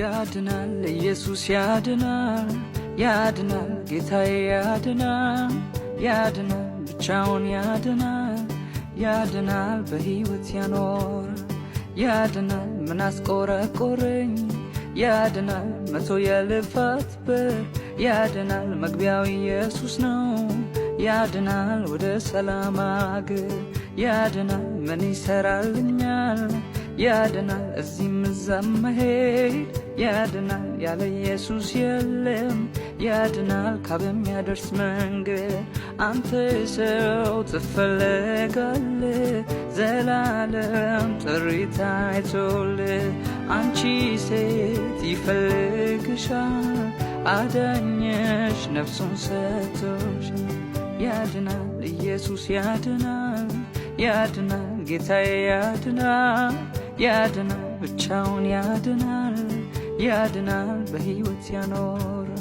ያድናል ኢየሱስ ያድናል ያድናል ጌታዬ ያድናል ያድናል ብቻውን ያድናል ያድናል በሕይወት ያኖር ያድናል ምን አስቆረቆረኝ ያድናል መቶ የልፋት ብር ያድናል መግቢያው ኢየሱስ ነው ያድናል ወደ ሰላም አገር ያድናል ምን ይሠራልኛል ያድናል እዚህም እዛም መሄድ ያድናል ያለ ኢየሱስ የለም ያድናል ካበሚያደርስ መንገድ አንተ ሰው ትፈለጋለህ ዘላለም ጥሪ አይቶል አንቺ ሴት ይፈልግሻል አዳኘሽ ነፍሱን ሰቶች ያድናል ኢየሱስ ያድናል ያድናል ጌታዬ ያድናል ያድናል፣ ብቻውን ያድናል፣ ያድናል፣ በሕይወት ያኖር